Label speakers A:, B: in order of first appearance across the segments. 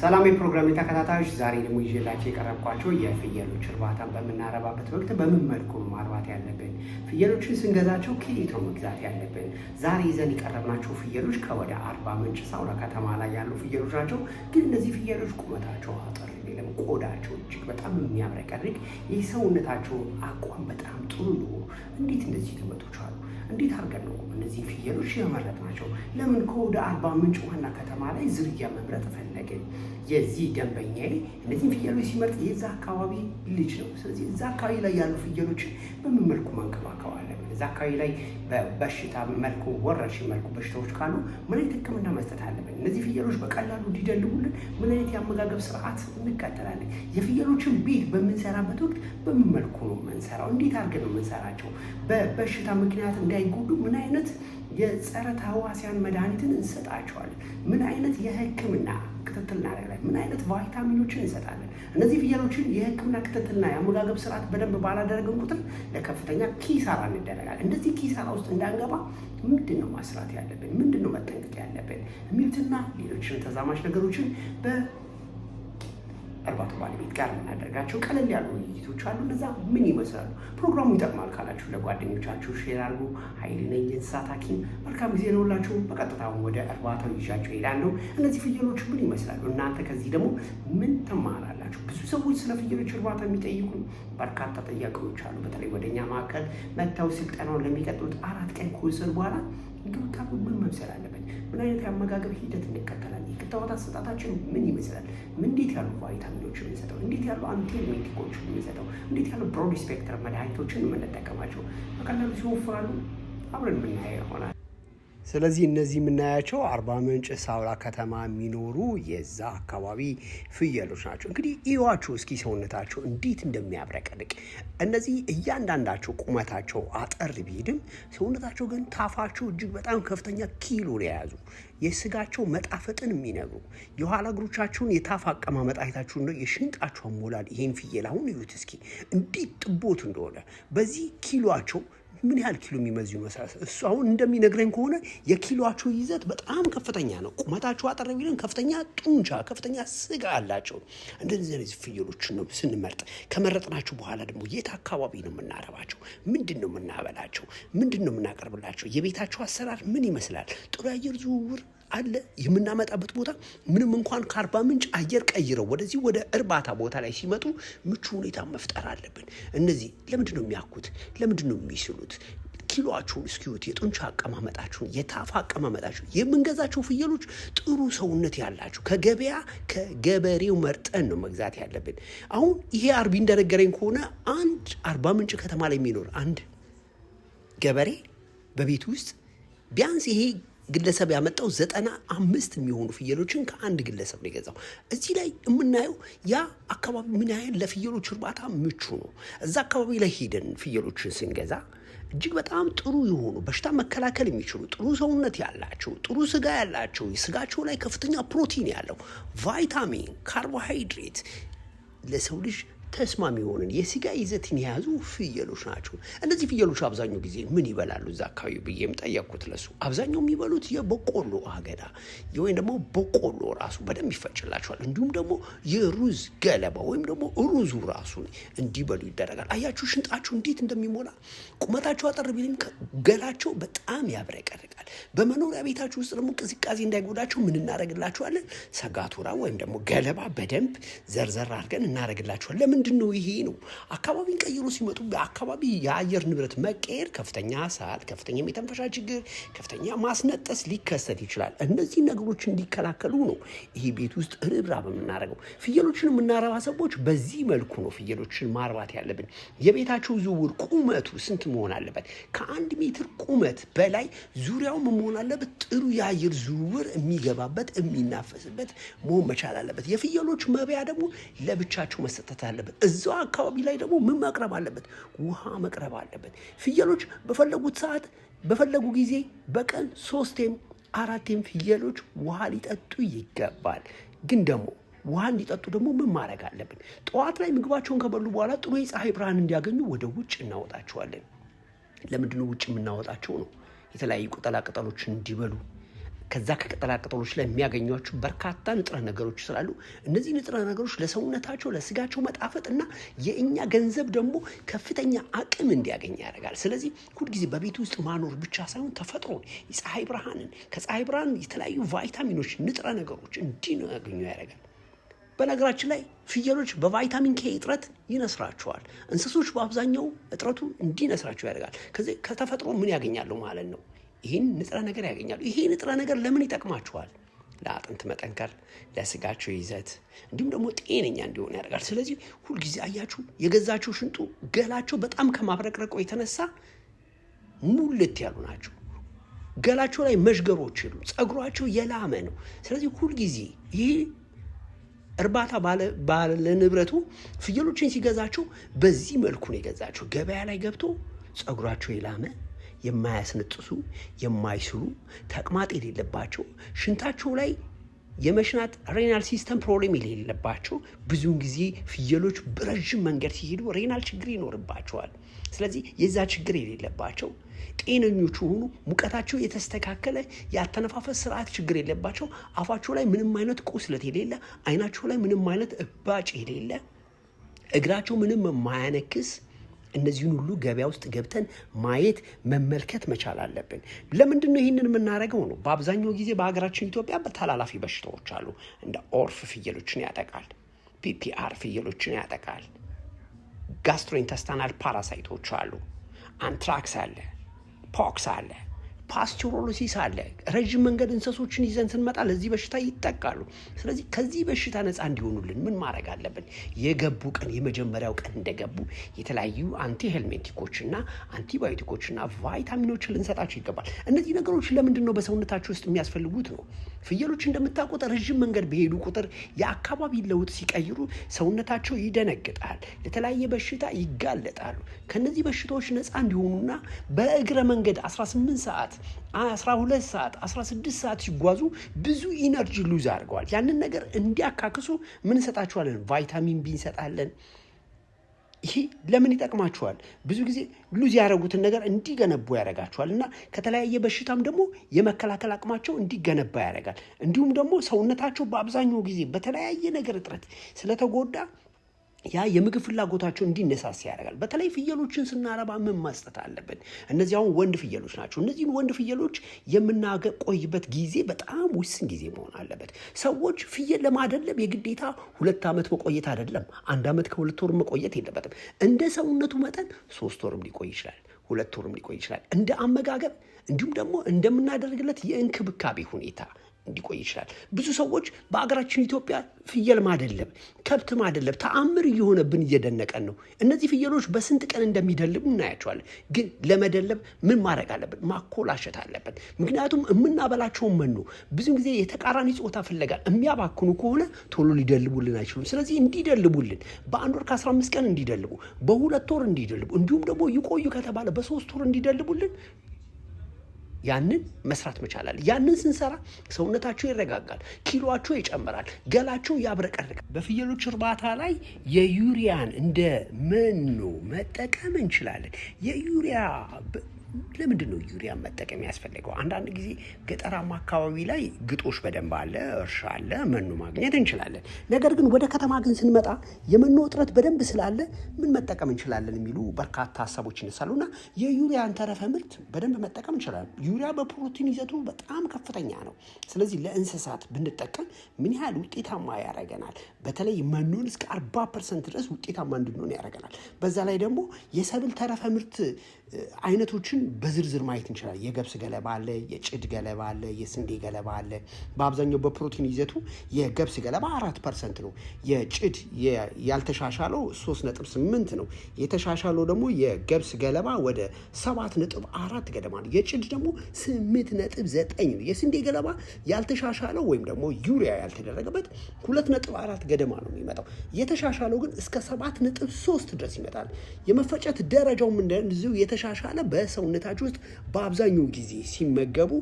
A: ሰላም የፕሮግራም ተከታታዮች፣ ዛሬ ደግሞ ይዤላቸው የቀረብኳቸው የፍየሎች እርባታን በምናረባበት ወቅት በምን መልኩ ማርባት ያለብን፣ ፍየሎችን ስንገዛቸው ከየት ነው መግዛት ያለብን፣ ዛሬ ይዘን የቀረብናቸው ፍየሎች ከወደ አርባ ምንጭ ሳውላ ከተማ ላይ ያሉ ፍየሎች ናቸው። ግን እነዚህ ፍየሎች ቁመታቸው አጠር የለም። ቆዳቸው እጅግ በጣም የሚያብረቀርቅ የሰውነታቸው አቋም በጣም ጥሩ ነው። እንዴት እንደዚህ ሊመጡ ቻሉ? እንዴት አድርገን ነው እነዚህ ፍየሎች የመረጥናቸው? ለምን ከወደ አርባ ምንጭ ዋና ከተማ ላይ ዝርያ መምረጥ ፈለግን? የዚህ ደንበኛዬ እነዚህን ፍየሎች ሲመርጥ የዛ አካባቢ ልጅ ነው። ስለዚህ እዛ አካባቢ ላይ ያሉ ፍየሎችን በምን መልኩ አለብን? እዛ አካባቢ ላይ በበሽታ መልኩ ወረርሽኝ መልኩ በሽታዎች ካሉ ምን አይነት ሕክምና መስጠት አለብን? እነዚህ ፍየሎች በቀላሉ እንዲደልቡልን ምን አይነት የአመጋገብ ስርዓት እንከተላለን? የፍየሎችን ቤት በምንሰራበት ወቅት በምን መልኩ ነው የምንሰራው? እንዴት አድርገን ነው የምንሰራቸው? በበሽታ ምክንያት እንዳይጎዱ ምን አይነት የጸረ ተህዋሲያን መድኃኒትን እንሰጣቸዋለን? ምን አይነት የሕክምና ክትትል እናደርጋለን። ምን አይነት ቫይታሚኖችን እንሰጣለን? እነዚህ ፍየሎችን የህክምና ክትትልና የአመጋገብ ስርዓት በደንብ ባላደረግን ቁጥር ለከፍተኛ ኪሳራ እንደረጋለን። እንደዚህ ኪሳራ ውስጥ እንዳንገባ ምንድን ነው ማስራት ያለብን? ምንድን ነው መጠንቀቅ ያለብን? የሚሉትና ሌሎችን ተዛማች ነገሮችን በ እርባቱ ባለቤት ጋር የምናደርጋቸው ቀለል ያሉ ውይይቶች አሉ። እነዛ ምን ይመስላሉ? ፕሮግራሙ ይጠቅማል ካላችሁ ለጓደኞቻችሁ ሼር አድርጉ። ኃይል ነኝ የእንስሳት ሐኪም። መልካም ጊዜ ነውላችሁ። በቀጥታ ወደ እርባታው ይዣቸው እሄዳለሁ። እነዚህ ፍየሎች ምን ይመስላሉ? እናንተ ከዚህ ደግሞ ምን ትማራላችሁ? ብዙ ሰዎች ስለ ፍየሎች እርባታ የሚጠይቁ በርካታ ጥያቄዎች አሉ። በተለይ ወደኛ ማዕከል መጥተው ስልጠናውን ለሚቀጥሉት አራት ቀን ከወሰዱ በኋላ እንክብካቤ ምን መምሰል አለበት? ምን አይነት የአመጋገብ ሂደት እንከተላለን? የክትባት አሰጣታችን ምን ይመስላል? እንዴት ያሉ ቫይታሚኖች የምንሰጠው? እንዴት ያሉ አንቲሚቲኮች የምንሰጠው? እንዴት ያሉ ብሮድ ስፔክትር መድኃኒቶችን የምንጠቀማቸው? በቀላሉ ሲወፍራሉ አብረን የምናየው ይሆናል። ስለዚህ እነዚህ የምናያቸው አርባ ምንጭ ሳውላ ከተማ የሚኖሩ የዛ አካባቢ ፍየሎች ናቸው። እንግዲህ እዩዋቸው እስኪ ሰውነታቸው እንዴት እንደሚያብረቀርቅ። እነዚህ እያንዳንዳቸው ቁመታቸው አጠር ቢሄድም ሰውነታቸው ግን ታፋቸው እጅግ በጣም ከፍተኛ ኪሎ የያዙ የስጋቸው መጣፈጥን የሚነግሩ የኋላ እግሮቻቸውን የታፍ አቀማመጥ አይታችሁ ነው የሽንጣቸው አሞላል። ይሄን ፍየል አሁን እዩት እስኪ እንዴት ጥቦት እንደሆነ በዚህ ኪሎቸው ምን ያህል ኪሎ የሚመዝ ይመስላል? እሱ አሁን እንደሚነግረኝ ከሆነ የኪሎቸው ይዘት በጣም ከፍተኛ ነው። ቁመታቸው አጠረ ቢለን ከፍተኛ ጡንቻ፣ ከፍተኛ ስጋ አላቸው። እንደዚህ አይነት ፍየሎችን ነው ስንመርጥ። ከመረጥናቸው በኋላ ደግሞ የት አካባቢ ነው የምናረባቸው? ምንድን ነው የምናበላቸው? ምንድን ነው የምናቀርብላቸው? የቤታቸው አሰራር ምን ይመስላል? ጥሩ አየር ዝውውር አለ። የምናመጣበት ቦታ ምንም እንኳን ከአርባ ምንጭ አየር ቀይረው ወደዚህ ወደ እርባታ ቦታ ላይ ሲመጡ ምቹ ሁኔታ መፍጠር አለብን። እነዚህ ለምንድን ነው የሚያኩት? ለምንድን ነው የሚስሉት? ኪሎአችሁን እስኪዩት፣ የጡንቻ አቀማመጣችሁን፣ የታፋ አቀማመጣችሁን። የምንገዛቸው ፍየሎች ጥሩ ሰውነት ያላቸው ከገበያ ከገበሬው መርጠን ነው መግዛት ያለብን። አሁን ይሄ አርቢ እንደነገረኝ ከሆነ አንድ አርባ ምንጭ ከተማ ላይ የሚኖር አንድ ገበሬ በቤት ውስጥ ቢያንስ ይሄ ግለሰብ ያመጣው ዘጠና አምስት የሚሆኑ ፍየሎችን ከአንድ ግለሰብ ነው የገዛው። እዚህ ላይ የምናየው ያ አካባቢ ምን ያህል ለፍየሎች እርባታ ምቹ ነው። እዛ አካባቢ ላይ ሄደን ፍየሎችን ስንገዛ እጅግ በጣም ጥሩ የሆኑ በሽታ መከላከል የሚችሉ ጥሩ ሰውነት ያላቸው ጥሩ ስጋ ያላቸው ስጋቸው ላይ ከፍተኛ ፕሮቲን ያለው ቫይታሚን፣ ካርቦሃይድሬት ለሰው ልጅ ተስማሚ የሆንን የስጋ ይዘትን የያዙ ፍየሎች ናቸው። እነዚህ ፍየሎች አብዛኛው ጊዜ ምን ይበላሉ እዛ አካባቢ ብዬም ጠየቅኩት። ለሱ አብዛኛው የሚበሉት የበቆሎ አገዳ ወይም ደግሞ በቆሎ ራሱ በደንብ ይፈጭላቸዋል። እንዲሁም ደግሞ የሩዝ ገለባ ወይም ደግሞ ሩዙ ራሱን እንዲበሉ ይደረጋል። አያችሁ ሽንጣቸው እንዴት እንደሚሞላ ቁመታቸው አጠር ቢልም ገላቸው በጣም ያብረቀርቃል። በመኖሪያ ቤታቸው ውስጥ ደግሞ ቅዝቃዜ እንዳይጎዳቸው ምን እናደረግላቸዋለን። ሰጋቱራ ወይም ደግሞ ገለባ በደንብ ዘርዘር አድርገን እናደርግላቸዋል። ለምን ምንድን ነው? ይሄ ነው አካባቢን ቀይሮ ሲመጡ በአካባቢ የአየር ንብረት መቀየር፣ ከፍተኛ ሳል፣ ከፍተኛ የመተንፈሻ ችግር፣ ከፍተኛ ማስነጠስ ሊከሰት ይችላል። እነዚህ ነገሮች እንዲከላከሉ ነው ይሄ ቤት ውስጥ ርብራ የምናደርገው። ፍየሎችን የምናረባ ሰዎች በዚህ መልኩ ነው ፍየሎችን ማርባት ያለብን። የቤታቸው ዝውውር ቁመቱ ስንት መሆን አለበት? ከአንድ ሜትር ቁመት በላይ ዙሪያው መሆን አለበት። ጥሩ የአየር ዝውውር የሚገባበት የሚናፈስበት መሆን መቻል አለበት። የፍየሎች መብያ ደግሞ ለብቻቸው መሰጠት አለበት። አለበት። እዛው አካባቢ ላይ ደግሞ ምን መቅረብ አለበት? ውሃ መቅረብ አለበት። ፍየሎች በፈለጉት ሰዓት በፈለጉ ጊዜ በቀን ሶስቴም አራቴም ፍየሎች ውሃ ሊጠጡ ይገባል። ግን ደግሞ ውሃ እንዲጠጡ ደግሞ ምን ማድረግ አለብን? ጠዋት ላይ ምግባቸውን ከበሉ በኋላ ጥሩ የፀሐይ ብርሃን እንዲያገኙ ወደ ውጭ እናወጣቸዋለን። ለምንድነው ውጭ የምናወጣቸው ነው? የተለያዩ ቅጠላ እንዲበሉ ከዛ ከቅጠላቅጠሎች ላይ የሚያገኟቸው በርካታ ንጥረ ነገሮች ስላሉ እነዚህ ንጥረ ነገሮች ለሰውነታቸው ለስጋቸው መጣፈጥ እና የእኛ ገንዘብ ደግሞ ከፍተኛ አቅም እንዲያገኝ ያደርጋል። ስለዚህ ሁልጊዜ በቤት ውስጥ ማኖር ብቻ ሳይሆን ተፈጥሮን፣ የፀሐይ ብርሃንን ከፀሐይ ብርሃን የተለያዩ ቫይታሚኖች፣ ንጥረ ነገሮች እንዲያገኙ ያደርጋል። በነገራችን ላይ ፍየሎች በቫይታሚን ኬ እጥረት ይነስራቸዋል። እንስሶች በአብዛኛው እጥረቱ እንዲነስራቸው ያደርጋል። ከዚህ ከተፈጥሮ ምን ያገኛሉ ማለት ነው? ይህን ንጥረ ነገር ያገኛሉ። ይሄ ንጥረ ነገር ለምን ይጠቅማችኋል? ለአጥንት መጠንከር፣ ለስጋቸው ይዘት እንዲሁም ደግሞ ጤነኛ እንዲሆን ያደርጋል። ስለዚህ ሁልጊዜ አያችሁ የገዛቸው ሽንጡ ገላቸው በጣም ከማብረቅረቆ የተነሳ ሙልት ያሉ ናቸው። ገላቸው ላይ መዥገሮች የሉም። ጸጉሯቸው የላመ ነው። ስለዚህ ሁልጊዜ ይህ እርባታ ባለንብረቱ ፍየሎችን ሲገዛቸው በዚህ መልኩ ነው የገዛቸው። ገበያ ላይ ገብቶ ጸጉሯቸው የላመ የማያስነጥሱ የማይስሉ ተቅማጥ የሌለባቸው ሽንታቸው ላይ የመሽናት ሬናል ሲስተም ፕሮብሌም የሌለባቸው ብዙውን ጊዜ ፍየሎች በረዥም መንገድ ሲሄዱ ሬናል ችግር ይኖርባቸዋል። ስለዚህ የዛ ችግር የሌለባቸው ጤነኞቹ ሆኑ ሙቀታቸው የተስተካከለ የአተነፋፈስ ስርዓት ችግር የለባቸው አፋቸው ላይ ምንም አይነት ቁስለት የሌለ አይናቸው ላይ ምንም አይነት እባጭ የሌለ እግራቸው ምንም የማያነክስ እነዚህን ሁሉ ገበያ ውስጥ ገብተን ማየት መመልከት መቻል አለብን። ለምንድን ነው ይህንን የምናደርገው ነው? በአብዛኛው ጊዜ በሀገራችን ኢትዮጵያ በተላላፊ በሽታዎች አሉ። እንደ ኦርፍ ፍየሎችን ያጠቃል፣ ፒፒአር ፍየሎችን ያጠቃል፣ ጋስትሮኢንተስታናል ፓራሳይቶች አሉ፣ አንትራክስ አለ፣ ፖክስ አለ። ፓስቸሮሎሲስ አለ። ረዥም መንገድ እንሰሶችን ይዘን ስንመጣ ለዚህ በሽታ ይጠቃሉ። ስለዚህ ከዚህ በሽታ ነፃ እንዲሆኑልን ምን ማድረግ አለብን? የገቡ ቀን የመጀመሪያው ቀን እንደገቡ የተለያዩ አንቲ ሄልሜቲኮችና አንቲባዮቲኮችና ቫይታሚኖችን ልንሰጣቸው ይገባል። እነዚህ ነገሮች ለምንድን ነው በሰውነታቸው ውስጥ የሚያስፈልጉት ነው። ፍየሎች እንደምታውቁት ረዥም መንገድ በሄዱ ቁጥር የአካባቢ ለውጥ ሲቀይሩ ሰውነታቸው ይደነግጣል፣ ለተለያየ በሽታ ይጋለጣሉ። ከነዚህ በሽታዎች ነፃ እንዲሆኑና በእግረ መንገድ 18 ሰዓት 12 ሰዓት 16 ሰዓት ሲጓዙ ብዙ ኢነርጂ ሉዝ አድርገዋል። ያንን ነገር እንዲያካክሱ ምን እንሰጣችኋለን? ቫይታሚን ቢ እንሰጣለን። ይሄ ለምን ይጠቅማችኋል? ብዙ ጊዜ ሉዝ ያደረጉትን ነገር እንዲገነቡ ያደርጋችኋል እና ከተለያየ በሽታም ደግሞ የመከላከል አቅማቸው እንዲገነባ ያደርጋል። እንዲሁም ደግሞ ሰውነታቸው በአብዛኛው ጊዜ በተለያየ ነገር እጥረት ስለተጎዳ ያ የምግብ ፍላጎታቸው እንዲነሳሳ ያደርጋል። በተለይ ፍየሎችን ስናረባ ምን መስጠት አለብን? እነዚህ አሁን ወንድ ፍየሎች ናቸው። እነዚህን ወንድ ፍየሎች የምናቆይበት ጊዜ በጣም ውስን ጊዜ መሆን አለበት። ሰዎች ፍየል ለማደለብ የግዴታ ሁለት ዓመት መቆየት አይደለም፣ አንድ ዓመት ከሁለት ወር መቆየት የለበትም። እንደ ሰውነቱ መጠን ሶስት ወርም ሊቆይ ይችላል፣ ሁለት ወርም ሊቆይ ይችላል። እንደ አመጋገብ እንዲሁም ደግሞ እንደምናደርግለት የእንክብካቤ ሁኔታ ሊቆይ ይችላል። ብዙ ሰዎች በአገራችን ኢትዮጵያ ፍየል ማደለብ ከብት ማደለብ ተአምር እየሆነብን እየደነቀን ነው። እነዚህ ፍየሎች በስንት ቀን እንደሚደልቡ እናያቸዋለን። ግን ለመደለብ ምን ማድረግ አለብን? ማኮላሸት አለብን። ምክንያቱም የምናበላቸውን መኖ ብዙ ጊዜ የተቃራኒ ጾታ ፍለጋ የሚያባክኑ ከሆነ ቶሎ ሊደልቡልን አይችሉም። ስለዚህ እንዲደልቡልን በአንድ ወር ከ15 ቀን እንዲደልቡ፣ በሁለት ወር እንዲደልቡ እንዲሁም ደግሞ ይቆዩ ከተባለ በሶስት ወር እንዲደልቡልን ያንን መስራት መቻላል። ያንን ስንሰራ ሰውነታቸው ይረጋጋል፣ ኪሎቸው ይጨምራል፣ ገላቸው ያብረቀርቃል። በፍየሎች እርባታ ላይ የዩሪያን እንደ መኖ መጠቀም እንችላለን። የዩሪያ ለምንድን ነው ዩሪያን መጠቀም ያስፈልገው? አንዳንድ ጊዜ ገጠራማ አካባቢ ላይ ግጦሽ በደንብ አለ፣ እርሻ አለ፣ መኖ ማግኘት እንችላለን። ነገር ግን ወደ ከተማ ግን ስንመጣ የመኖ እጥረት በደንብ ስላለ ምን መጠቀም እንችላለን የሚሉ በርካታ ሀሳቦች ይነሳሉ እና የዩሪያን ተረፈ ምርት በደንብ መጠቀም እንችላለን። ዩሪያ በፕሮቲን ይዘቱ በጣም ከፍተኛ ነው። ስለዚህ ለእንስሳት ብንጠቀም ምን ያህል ውጤታማ ያደርገናል? በተለይ መኖን እስከ 40 ፐርሰንት ድረስ ውጤታማ እንድንሆን ያደርገናል። በዛ ላይ ደግሞ የሰብል ተረፈ ምርት አይነቶችን ገለባዎችን በዝርዝር ማየት እንችላለን። የገብስ ገለባ አለ፣ የጭድ ገለባ አለ፣ የስንዴ ገለባ አለ። በአብዛኛው በፕሮቲን ይዘቱ የገብስ ገለባ አራት ፐርሰንት ነው። የጭድ ያልተሻሻለው ሶስት ነጥብ ስምንት ነው። የተሻሻለው ደግሞ የገብስ ገለባ ወደ ሰባት ነጥብ አራት ገደማ ነው። የጭድ ደግሞ ስምንት ነጥብ ዘጠኝ ነው። የስንዴ ገለባ ያልተሻሻለው ወይም ደግሞ ዩሪያ ያልተደረገበት ሁለት ነጥብ አራት ገደማ ነው የሚመጣው። የተሻሻለው ግን እስከ ሰባት ነጥብ ሶስት ድረስ ይመጣል። የመፈጨት ደረጃውም እንደዚሁ የተሻሻለ በሰው ሰውነታችሁ ውስጥ በአብዛኛው ጊዜ ሲመገቡ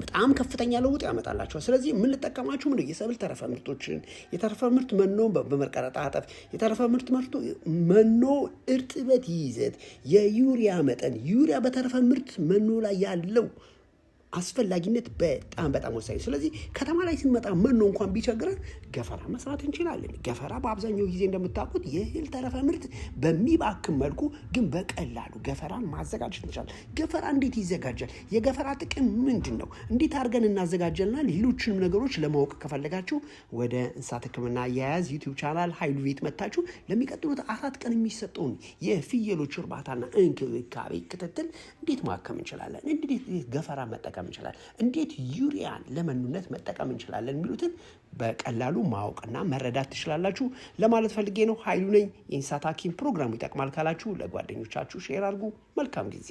A: በጣም ከፍተኛ ለውጥ ያመጣላቸዋል። ስለዚህ የምንጠቀማቸው ምንድን የሰብል ተረፈ ምርቶችን የተረፈ ምርት መኖ በመቀረጣጠፍ የተረፈ ምርት መርቶ መኖ እርጥበት ይዘት፣ የዩሪያ መጠን ዩሪያ በተረፈ ምርት መኖ ላይ ያለው አስፈላጊነት በጣም በጣም ወሳኝ። ስለዚህ ከተማ ላይ ስንመጣ መኖ እንኳን ቢቸግረን ገፈራ መስራት እንችላለን። ገፈራ በአብዛኛው ጊዜ እንደምታውቁት የእህል ተረፈ ምርት በሚባክም መልኩ ግን በቀላሉ ገፈራን ማዘጋጀት እንችላለን። ገፈራ እንዴት ይዘጋጃል? የገፈራ ጥቅም ምንድን ነው? እንዴት አድርገን እናዘጋጀልና ሌሎችንም ነገሮች ለማወቅ ከፈለጋችሁ ወደ እንስሳት ሕክምና አያያዝ ዩቲዩብ ቻናል ሀይሉ ቤት መታችሁ ለሚቀጥሉት አራት ቀን የሚሰጠውን የፍየሎች እርባታና እንክብካቤ ክትትል እንዴት ማከም እንችላለን፣ እንዴት ገፈራ መጠቀም መጠቀም እንችላለን፣ እንዴት ዩሪያን ለመኑነት መጠቀም እንችላለን የሚሉትን በቀላሉ ማወቅና መረዳት ትችላላችሁ ለማለት ፈልጌ ነው። ኃይሉ ነኝ፣ የእንስሳት ሐኪም ፕሮግራሙ ይጠቅማል ካላችሁ ለጓደኞቻችሁ ሼር አድርጉ። መልካም ጊዜ